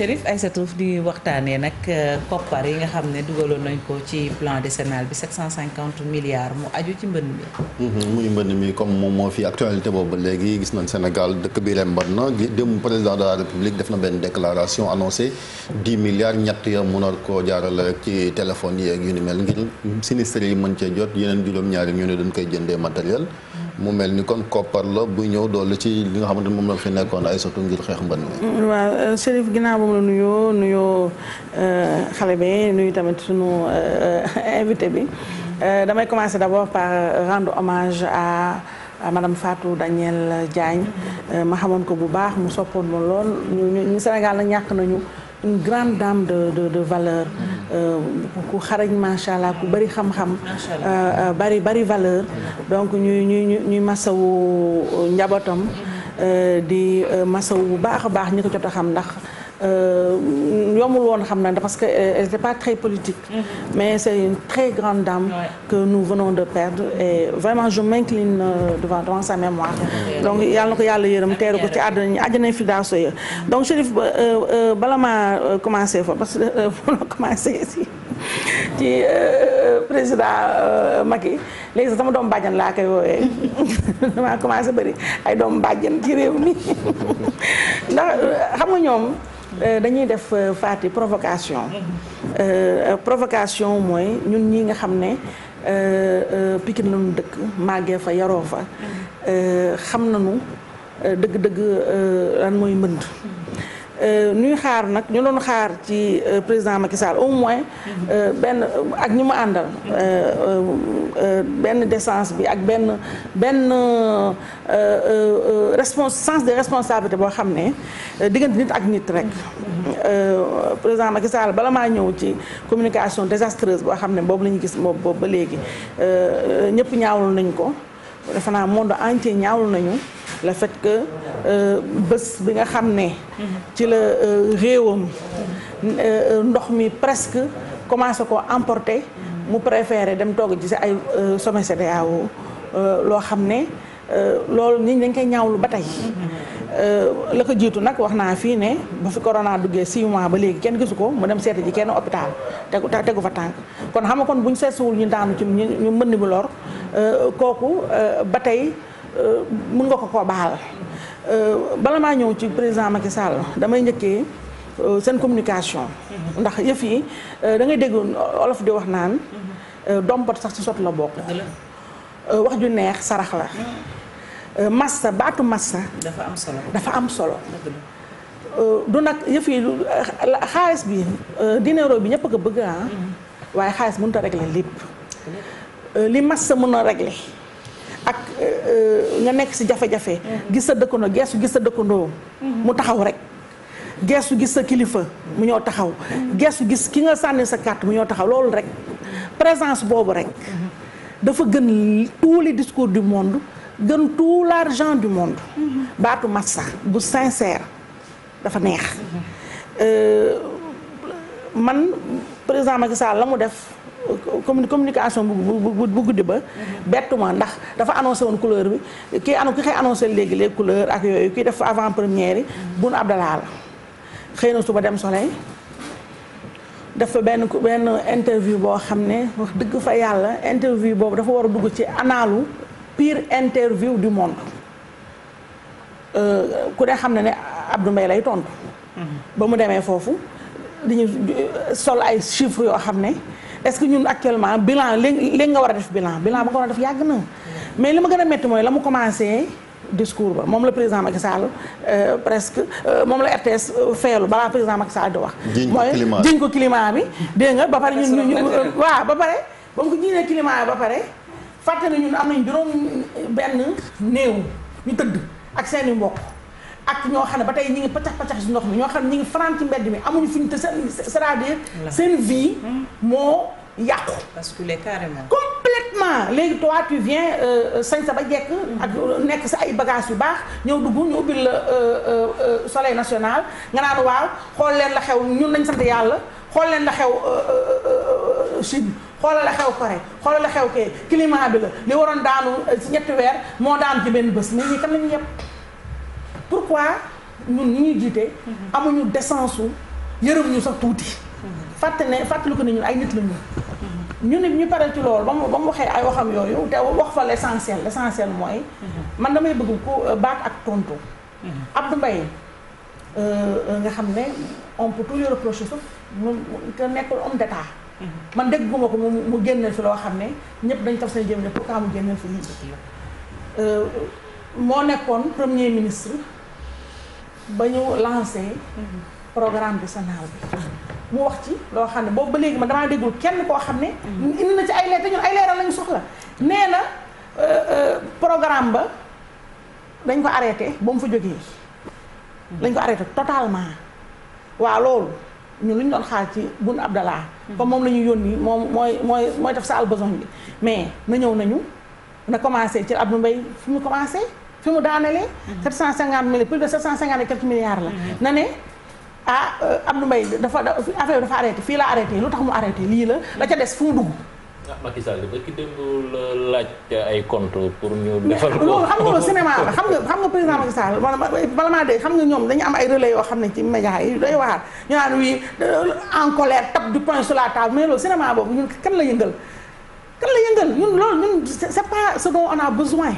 Chérif Aïssatou di waxtaanee nag euh, koppar yi nga xam ne dugaloon nañ ko ci plan décennal bi 750 milliards mu aju ci mbënn mi. Mhm, muy mbënn mi comme moom moo fi actualité boobu léegi gis man Sénégal dëkk bi rembat na démb président de la République def na benn déclaration annoncé 10 milliards ñett ya mun a koo jaarale rek ci téléphone yi ak yu ni mel ngir sinistre yi mën cee jot yeneen juróom-ñaari ñu ne dañ koy jëndee matériel. mu mel ni kon koppar la bu ñëw doole ci li nga xamante moom la fi nekkoon ay sotu ngir xeex mban mi waaw euh, Chérif ginnaaw moom la nuyoo nuyoo euh, xale bi nuyu tamit sunu euh, invité bi damay commencer d'abord par rendre hommage à madame Fatou Daniel Diagne ma xamoon ko bu baax mu soppoon ma lool ñu Sénégal nag ñàkk nañu une grande dame de de de valeur. Euh, ku xarañ macha allah ku bari xam-xam. Euh, euh, bari bari valeur. donc ñuy ñuy ñuy masawu njabootam. di masawu bu baax a baax ñi ko jot xam ndax. Euh, yombul woon xam na parce que euh, elle n'était pas très politique mm -hmm. mais c'est une très grande dame ouais. que nous venons de perdre et vraiment je m'incline euh, devant devant sa mémoire donc yàlla na ko yàlla yërëm teeru ko ci àddina àddina fi daa soy donc Chérif bala ma commencé fa parce que foofu commencé si ci président Macky léegi sax sama doom bàjjan laa koy woowee damaa commencé bari ay doom bàjjan ci réew mi ndax xam Euh, dañuy def euh, faati provocation euh, provocation mooy ñun ñi nga xam ne Pikine lañu dëkk màggee fa yaroo fa xam nañu dëgg-dëgg lan mooy mbënd nuy euh, xaar nag ñu doon xaar ci euh, président Macky Sall au moins euh, benn ak ñi ma àndal benn décence bi ak benn benn respons sens de responsabilité boo xam ne diggante nit ak nit rek président Macky Sall bala maa ñëw ci communication désastreuse boo xam ne boobu la ñu gis boobu ba léegi ñëpp ñaawlu nañ ko defe naa monde entier ñaawlu nañu le fait que euh, bës bi nga xam ne ci la euh, réewam euh, ndox mi presque commencé ko emporter mu préféré dem togg ci si ay sommet CEDEAO loo xam ne loolu nit dañ koy ñaawlu ba tey la ko jiitu nag wax naa fii ne ba fi corona duggee 6 mois ba léegi kenn gisu ko mu dem seeti ji kenn hôpital tegu tegu fa tànk kon xam nga kon buñ seesuwul ñu daanu ci ñu mën ni bu lor kooku ba tey Euh, mun nga ko ko baal euh, bala maa ñëw ci président Macky Sall damay njëkkee euh, seen communication. ndax yëf yi da ngay dégg olof di wax naan. dompat sax ci sot la bokk. wax ju neex sarax la. massa baatu massa. dafa am solo dafa am solo. du nag yëf yi xaalis bi dinero bi ñëpp ko bëgga ah. Mm-hmm. waaye xaalis mënut a régler lépp. li massa mën a régler. ak nga euh, euh, nekk si jafe-jafe. gis sa dëkkandoo geesu gis sa dëkkandoo. mu taxaw rek. geesu gis sa kilifa mu ñoo taxaw. geesu gis ki nga sànni sa carte mu ñoo taxaw loolu rek. présence boobu rek. dafa gën tous les discours du monde gën la l'argent du monde. baatu massa bu sincère dafa neex. Euh, man président Macky Sall la mu def. communication bu bu guddi ba bettuma ndax dafa annoncé woon couleur bi kii ano ki xëy annoncé léegi les couleurs ak yooyu kii def avant première yi Boun Abdallah la xëy na suba dem soleil dafa benn benn interview boo xam ne wax dëgg fa yàlla interview boobu dafa war a dugg ci anaalu pire interview du monde euh, ku ne xam ne ne Abdou Mbaye lay tontu. Mhm. ba mu demee foofu dañu euh, sol ay chiffres yoo xam ne est ce que ñun actuellement bilan léegi nga war a def bilan bilan ba nga war a def yàgg na mais li ma gën a métti mooy la mu commencé discours ba moom la président Macky Sall euh, presque euh, moom la RTS euh, feelu balaa président Macky Sall di wax. mooy jiñ ko climat bi dégg nga ba pare ñun ñu waaw ba pare ba mu ko jiinee climat ba pare fàtte na ñun am nañ juróom benn néew ñu tëdd ak seen i mbokk. ak ñoo xam ne ba tey ñu ngi pacax pacax si ndox mi ñoo xam ne ñu ngi faram ci mbedd mi amuñu fi ñu te seen c'est-à-dire seen vie hmm. moo yàqu. basculé carrément. léegi toi tu viens euh, euh, sañ sa ba jekk. Hmm. ak nekk sa ay bagages yu baax ñëw dugg ñu ubbil la euh, soleil national nga naan waaw xool leen la xew ñun nañ sant yàlla xool leen la xew Chine. xoolal la xew Corée xoolal la xew kee climat bi la li waroon daanu ñetti weer moo daan ci benn bés nit ñi tam lañu yëpp pourquoi ñun ñu ñuy jiite. amuñu décence su yërëm ñu sax tuuti. fàtte ne fàttaliku ne ñun ay nit la ñu. ñu ne ñu pare ci loolu ba mu ba mu waxee ay waxam yooyu te wax fa l' essentiel l' essentiel mooy. man damay bëgg ko euh, baat ak tontu. Abdou Mbaye euh, euh, nga xam ne on peut tout lui reprocher sauf mu te man dégg guma ko mu mu génneel fi loo xam ne ñëpp dañ taf seen jëm ne pourquoi mu génneel fi lii. moo nekkoon premier ministre. ba ñu lancé programme bi Sonal bi mu wax ci loo xam ne boobu ba léegi ma damaa déggul kenn koo xam ne indi na ci ay leer te ñun ay leeral lañu soxla nee na euh, euh, programme ba dañ ko arrêté ba mu fa jógee lañ ko arrêté totalement waaw loolu ñun lu ñu doon xaar ci bun Abdallah comme moom la ñu yónni moom mooy mooy mooy def sa al bi mais na ñëw nañu na commencé ci mu Mbaye fu mu commencé fi mu daanelee. 750 millions plus de 750 et quelques milliards la. Mhm. na ne ah euh, Abdou Mbaye dafa affaire bi dafa arrêté fii la arrêté lu tax mu arrêté lii la la ca des foo mu dugg. ah Macky Sall pour ñu. loolu xam nga loolu cinéma la xam nga xam nga président Macky Sall bala maa dégg xam nga ñoom dañu am ay relais yoo xam ne ci média yi day waxaat ñu naan wii euh, en colère tape du poing sur la table mais loolu cinéma boobu ñun kan la yëngal kan la yëngal ñun loolu ñun c'est pas ce dont on a besoin.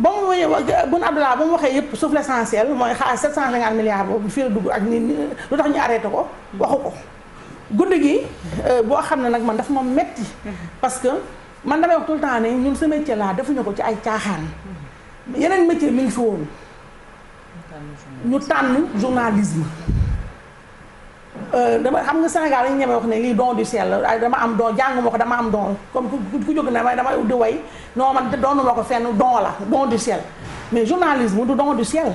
ba mu wooyee bun Abdallah ba mu waxee yëpp sauf l'essentiel mooy xaar 750 milliards boobu fii dugg ak ni lu tax ñu arrêté ko waxu ko guddi gi euh, boo xam ne nag man dafa ma metti parce que man damay wax tout le temps ñun sa métier laa defuñu ko ci ay caaxaan yeneen métier mi ngi fi woon ñu tànn journalisme Euh, dama xam nga Sénégal dañu ñeme wax ne lii don du ciel la dama am don jànguma ko dama am don comme ku jóg na ma dama di way non man doonuma ko fenn don la don du ciel mais journalisme du don du ciel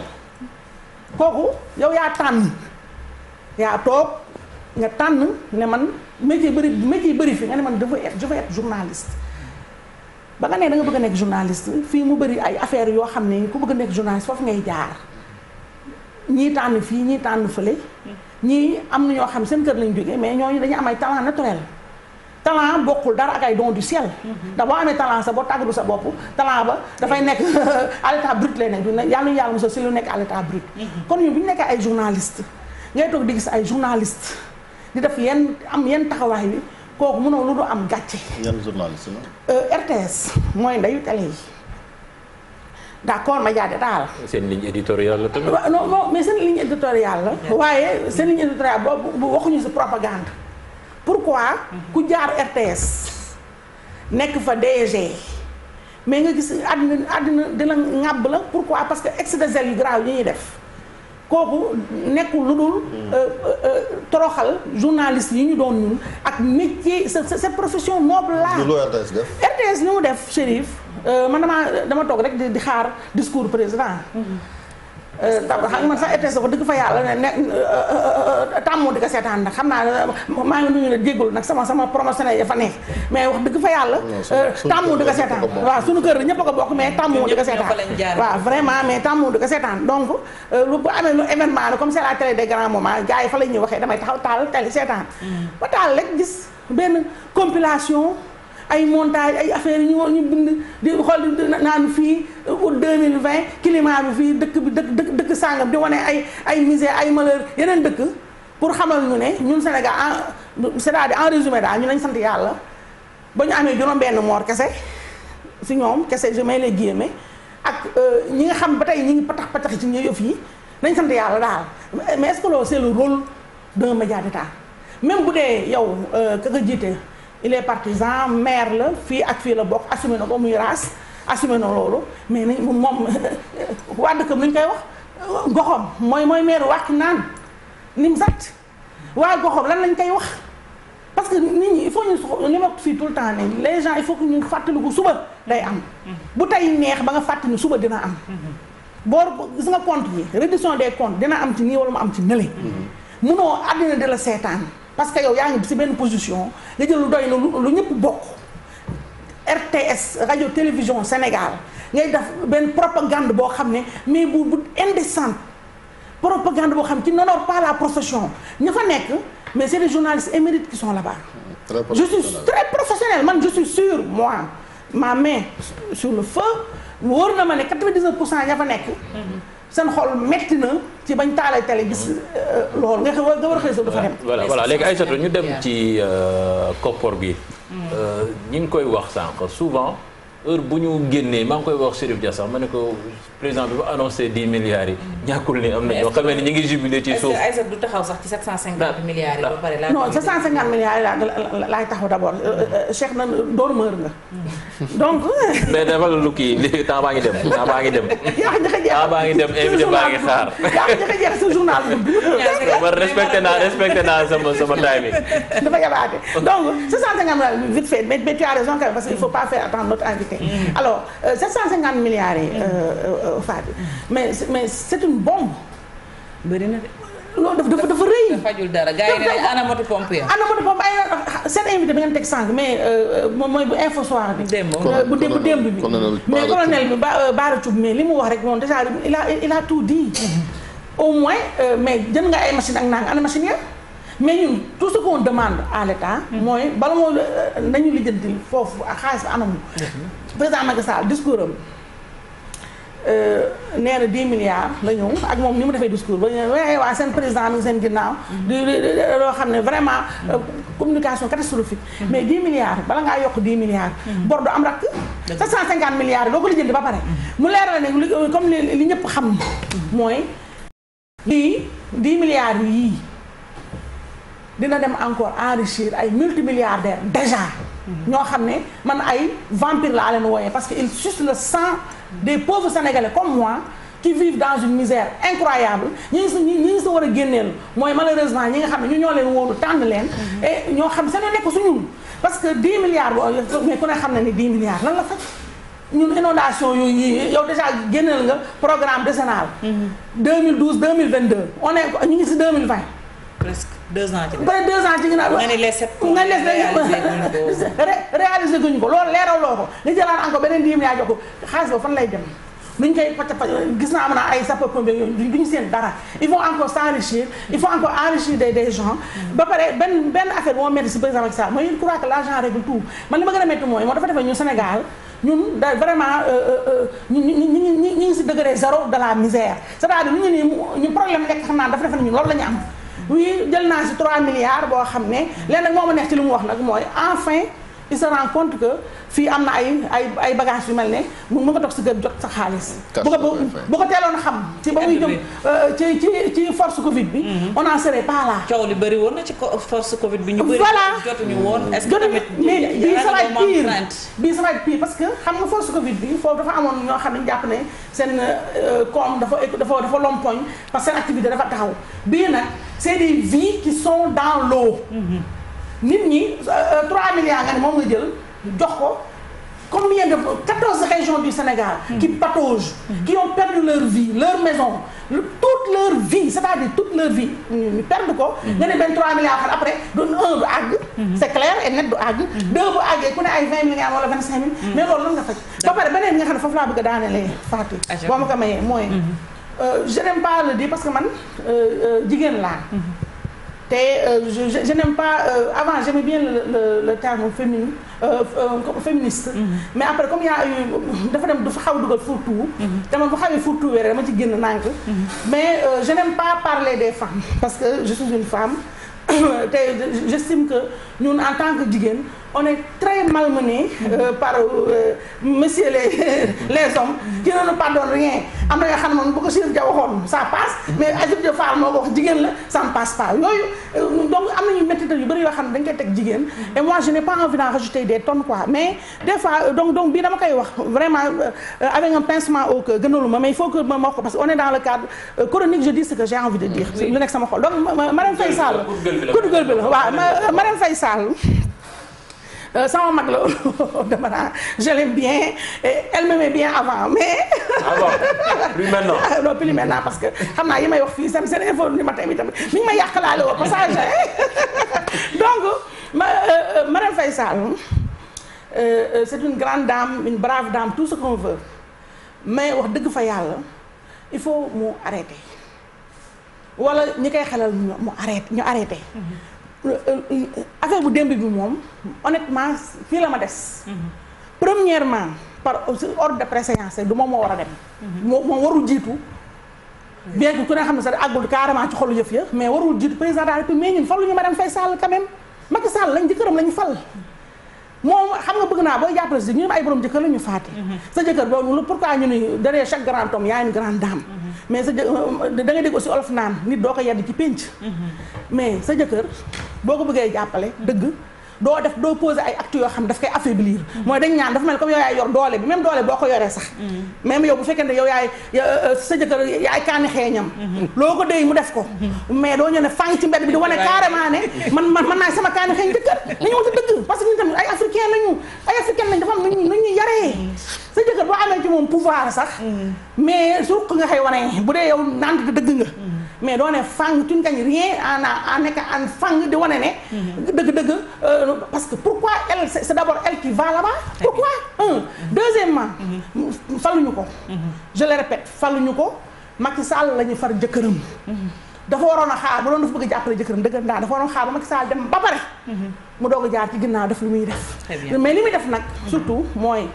kooku yow yaa tànn yaa toog nga tànn ne man métier bëri métier bëri fi nga ne man dafa être je veux être ba nga ne da bëgg a nekk journaliste fii mu bëri ay affaires yoo xam ne ku bëgg a nekk journaliste foofu ngay jaar ñii tànn fii ñii tànn fële ñii am na ñoo xam seen kër lañ jógee mais ñooñu dañu am ay talent naturel talent bokkul dara ak ay don du ciel mhm. ndax boo amee talent sa boo tàggatu sa bopp talent ba dafay nekk à l'état brut lay nekk du ne yàlla yàlla mosal si lu nekk à l'état brut mhm. kon ñu bu ñu nekkee ay journaliste ngay toog di gis ay journaliste di def yenn am yenn taxawaay bi kooku mënoo lu du am gàcce yan journaliste euh, RTS mooy ndeyu télé yi d'accord ma jaadetaa la. seen ligne éditoriale la tamit. non non mais seen ligne éditoriale la. waaye seen ligne éditoriale boobu waxuñu si propagande. pourquoi ku jaar RTS nekk fa DG mais nga gis àddina àddina di la pour la parce que excès de zèle yu grave yi ñuy def kooku nekkul lu dul mm. euh, euh, euh, toroxal journaliste yi ñu doon ñun ak métier sa sa profession noble la RTS def ni mu def Chérif Euh, man damaa dama toog rek di xaar discours président. Euh, taw xam nga man sax RTS dafa euh, di ko seetaan ndax xam naa maa ngi nuyu sama sama promotionnel ya fa nekk mais wax dëgg fa yàlla tàmmoo di ko seetaan waaw suñu kër ñëpp a ko bokk mais tàmmoo di ko seetaan waaw vraiment mais tàmmoo di ko seetaan donc bu amee lu événement la comme c'est la télé des grands moments gars fa la waxee damay taxaw taal télé seetaan mm. ba taal rek gis benn compilation ay montage ay affaire ñu ñu bind di xool di naan fii août 2020 climat bi fii dëkk bi dëkk dëkk dëkk sàngam di wane ay ay misère ay malheur yeneen dëkk pour xamal ñu ne ñun Sénégal en cest à en résumé daal ñu nañ sant yàlla ba ñu amee juróom-benn moor kese si ñoom kese je mets les guillemets ak euh, ñi nga xam ba tey ñi ngi patax patax ci ñi yëf yi nañ sant yàlla daal mais est-ce que loolu c'est le rôle d'un média d'État même bu dee yow euh, ka jiite il est partisan maire la fii ak fii la bokk assumé na ko muy raas assumé na loolu mais nañ moom wàddkam lu ñu koy wax goxom mooy mooy maire wàkki naan ni mu sat waa goxom lan lañ koy wax parce que nit ñi il faut ñu li ma fii tout le temps ne les gens il faut ko ñu fàttaliku suba day am mm-hmm. bu tey neex ba nga fàttali suba dina am mm-hmm. boo gis nga compte yi reddition des comptes dina am ci nii wala mu am ci nële mm-hmm. munoo àddina di la seetaan parce que yow yaa ngi si benn position nga jël lu doy lu ñëpp bokk RTS radio télévision Sénégal ngay def benn propagande boo xam ne mais bu bu indécente propagande boo xam ne qui n'honore pas la profession ña fa nekk mais c'est des journalistes émérites qui sont là-bas. je très professionnel man je suis moi ma mais sur le feu wóor na ma ne 99 pour cent ña fa nekk. Mm-hmm. seen xol metti na ci bañ taalee télé gis mm-hmm. euh, loolu nga xam nga war a xëy sa dafa dem voilà voilà léegi Aïssatou ñu dem ci euh, koppor bi mm-hmm. euh, ñi ngi koy wax sànq souvent heure bu ñu génnee maa ngi koy wax Chérif Dia sax ma ne ko président bi ba annoncé 10 milliards yi. ñàkkul ni am na xamee ni ñu ngi jubilé ci suuf. du taxaw sax ci milliards yi ba laa. non 750 d'abord euh, euh, euh, Cheikh na dormeur nga. Hmm. donc. mais dafa lu temps baa dem temps baa dem. yaa ngi njëkk a temps baa dem invité baa ngi xaar. yaa ngi njëkk a milliards vite fait mais mais tu raison quand même parce qu'il faut pas faire attendre notre invité. kese mm-hmm. alors 750 euh, milliards yi euh, euh, Fatou mm-hmm. mais mais c'est une bombe bëri na de loolu dafa dafa rëy. dafa fajul dara gars yi ne ana moto pompe ya. ana moto pompe ay seen invité bi ngeen teg sànq mais mooy bu info soir bu démb bu démb bi. mais colonel bi Ba Baara mais li mu wax rek moom déjà il a il a tout dit. Mm-hmm. au moins mais jën nga ay machine ak naan ana machine ya mais ñun tout ce qu'on demande à l'État mooy bala moo nañu lijjanti foofu xaalis bi anamu président Macky Sall discours am euh, nee na 10 milliards la ñëw ak moom ni mu defee discours ba waaye seen président mi seen ginnaaw di loo xam ne vraiment euh, communication catastrophique mais 10 milliards bala ngaa yokk 10 milliards bor du am rakk 750 milliards doo ko lijjanti ba pare mu leeral ne comme li ñëpp xam mooy lii 10 milliards yii dina dem encore enrichir ay multimilliardaires déjà. ñoo xam ne man ay vampire la leen wooyee parce que ils sucent le sang des pauvres sénégalais comme moi qui vivent dans une misère incroyable ñi ñu si ñi ñu si war mooy malheureusement ñi nga xam ne ñu ñoo leen wóolu tànn leen. et ñoo xam seen nekk su ñun parce que 10 milliards boobu mais ku ne xam na ne 10 milliards lan la faj. ñun inondation yooyu yii yow déjà génneel nga programme décennal. 2012 mm-hmm. 2022 on est ñu ngi si 2020. presque deux ans ci ginnaaw deux ans ci ginnaaw nga ni les sept nga ni les réalisé guñu ko loolu leeraloo ko nga jëlaat encore beneen diem yaa jox ko xaalis boobu fan lay dem nuñ koy pàcc pàcc gis naa am na ay sapeurs pompiers yooyu duñu seen dara il faut encore s'enrichir il faut encore enrichir des des gens ba pare benn benn affaire bu ma metti si président Macky Sall mooy il croit que l'argent règle tout man li ma gën a metti mooy moo dafa defee ñu Sénégal ñun da vraiment ñu ñu ñu ñu ñu ngi si degré zéro de la misère c'est-à-dire ñu ni ñu problème lekk xam naa dafa defe ne ñun loolu la ñu am oui jël naa si 3 milliards boo xam ne leen nag moo ma neex ci li mu wax nag mooy enfin il se rend que fii am na ay ay ay yu mel ne mu nga toog si kër jot sa xaalis. bu ko bu ko teeloon xam. ci ba muy jëm euh, ci ci ci force Covid bi. Mhm. on en serait pas li bëri woon na ci force Covid bi. ñu bëri jotuñu woon est-ce que tamit mais bii ça va être pire bii ça va être pire parce que xam nga force Covid bi foofu dafa amoon ñoo xam ne jàpp ne seen euh, koom dafa dafa dafa lompoñ parce que seen activité dafa taxaw bii nag c'est des vies qui sont dans l'eau mhm. nit ñi 3 euh, milliards nga ne moom nga jël jox ko combien de 14 régions du Sénégal. Hmm. qui pataugent. Hmm. qui ont perdu leur vie leur maison toute leur vie c'est-à-dire toute leur vie ñu perdre ko. Hmm. nga ne benn 3 milliards après doon un du àgg. c'est clair et net du àgg. deux bu àggee ku ne ay 20 milliards wala 25 mille. mais loolu lan nga faj. ba pare beneen nga xam ne foofu laa bëgg a daanelee Fatou. Ah, ma ko mayee mooy. Euh, je n'aime pas le dire parce que man euh, jigéen laa. te euh, je, je, je n'aime pas euh, avant j'aimais bien le le, le terme féminin euh, euh féministe. Mm -hmm. mais après comme yaa dafa dem dafa xaw a dugal fourre-tout. Mhm. te man bu xawee fourre-tout weer dama ci génn nànk. Mhm. mais euh, je n'aime pas parler des femmes parce que je suis une femme te j'estime que ñun en tant que jigéen. on est très malmené euh, par euh, monsieur les les hommes qui ne nous pardonnent rien am na nga xam ne moom bu ko Chérif waxoon ça passe mais Ajib Dia Fall moo ko jigéen la ça ne passe pas yooyu euh, donc am nañu méttital yu bëri yoo xam ne dañ teg jigéen et moi je n'ai pas envie d'en rajouter des tonnes quoi mais des fois euh, donc donc bii dama koy wax vraiment euh, avec un pincement au cœur gënalu ma mais il faut que ma wax parce que on est dans le cadre chronique je dis ce que Euh, sama mag la dama naa je bien elle m'aimait bien avant mais. alors ah plus maintenant. non parce que xam naa yi may wax fii seen seen info ni ma tamit tamit mi ngi ma yàqalaale au passage donc ma euh, euh, madame Faye Sall c'est une grande dame une brave dame tout ce qu'on veut mais wax dëgg fa yàlla il faut mu arrêter wala ñi koy xelal mu arrêté ñu arrêté. Mm-hmm. Euh, euh, affaire bu démb bi moom honnêtement fii la ma des. premièrement par ordre de préséance du moom moo war a dem. moo moo warul jiitu. bien que ku ne xam ne sax àggul carrément ci xolu yëf ya mais warul jiitu président de la République mais ñu ma Madame Faye Sall quand même Macky Sall lañ jëkkëram lañu fal. moom xam na bëgg naa booy jàppale si ñu ne ay borom jëkkër la faate mm-hmm. sa jëkkër boobu lu pourquoi ñu ni derrière chaque grand homme yaa une grande dame mm-hmm. mais sa euh, da nga dégg aussi olof naan nit doo ko yedd ci pénc mm-hmm. mais sa jëkkër boo ko bëggee jàppale dëgg doo def doo poser ay actes yoo xam daf koy affaiblir mooy dañ ñaan dafa mel comme yow yaay yor doole bi même doole boo ko yoree sax mm-hmm. même yow bu fekkente yow yaay euh, euh, sa jëkkër yaay kaani xeeñam mm-hmm. loo ko déy mu def ko mm-hmm. mais doo ñëw ne fàng ci mbedd bi di wane carrément ne man man man naa sama kaani xeeñ jëkkër nañu wante parce que ñun tamit ay africain lañu ay africain lañ dafa am nañu sa jëkkër boo amee ci moom pouvoir sax mais suuq nga xay wane bu dee yow naan dëgg nga mais doo ne fang tu ne gagnes rien en a nekk a fang di wane ne. dëgg-dëgg mhm. euh, parce que pourquoi elle c' est d' abord elle qui va là-bas. pourquoi un mhm. deuxièmement. Mhm. faluñu ko. je le répète faluñu ko Macky Sall la ñu far jëkkëram. dafa waroon a xaar ba doon dafa bëgg a jàppale jëkkëram dëggantaan dafa waroon a xaar ba Macky Sall dem ba pare. mu doog a jaar ci ginnaaw def lu muy def. mais li muy def nag. surtout mooy.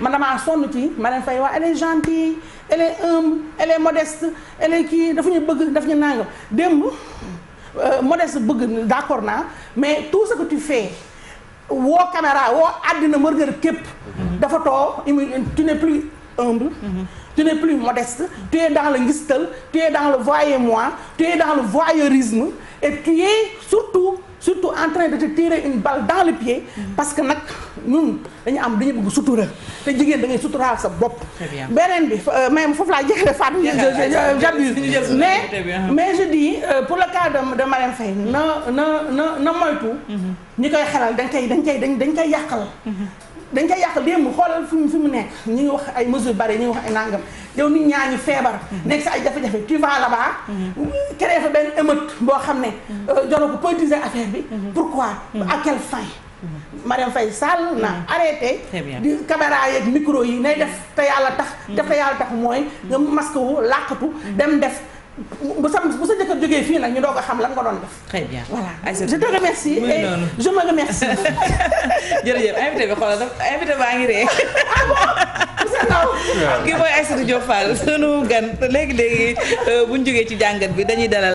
man damaa sonn ci ma leen fay wax elle est gentille elle est humble elle modeste elle kii dafa ñu bëgg daf ñu nangam démb euh, modeste bëgg d'accord naa mais tout ce que tu fais woo caméra woo àddina mërgër képp mhm. dafa too tu n'es plus humble mhm. tu n'es plus modeste tu es dans le ngistal tu es dans le voyez-moi tu es dans le voyeurisme et tu es surtout surtout en train de te une ball dans le pied parce que nag ñun dañu am dañu bëgg sutura te jigéen da ngay suturaal sa bopp beneen bi euh, mais foofu laa jeexale Fatou j'abuse mais mais je dis euh, pour le cas de de Marème Faye na na na na moytu mm-hmm. ñi koy xelal dañ koy dañ koy dañ dañ koy yàqal mm-hmm. dañ koy yàq démb xoolal fi mu fi mu nekk ñu ngi wax ay mesures bari ñu ngi wax ay nangam yow nit ñaa ngi feebar mm-hmm. nekk si ay jafe-jafe tu vas là-bas mm-hmm. créer fa benn émeute boo xam ne mm-hmm. euh, jolo ko politiser affaire bi pourquoi à quelle fin Marième Faye Sall na arrêté di caméra yeeg micro yi nay def te yàlla tax def te yàlla tax mooy nga masque wu làqatu dem def bu sa bu sa jëkkër jógee fii nag ñu doog a xam lan nga doon def. très bien voilà je te remercie. et je me remercie. a invité bi xoolal invité baa ngi ree ah bon kii mooy Aïssatou Diop Fall sunu gan léegi léegi euh, bu ñu jógee ci jàngat bi dañuy dalal.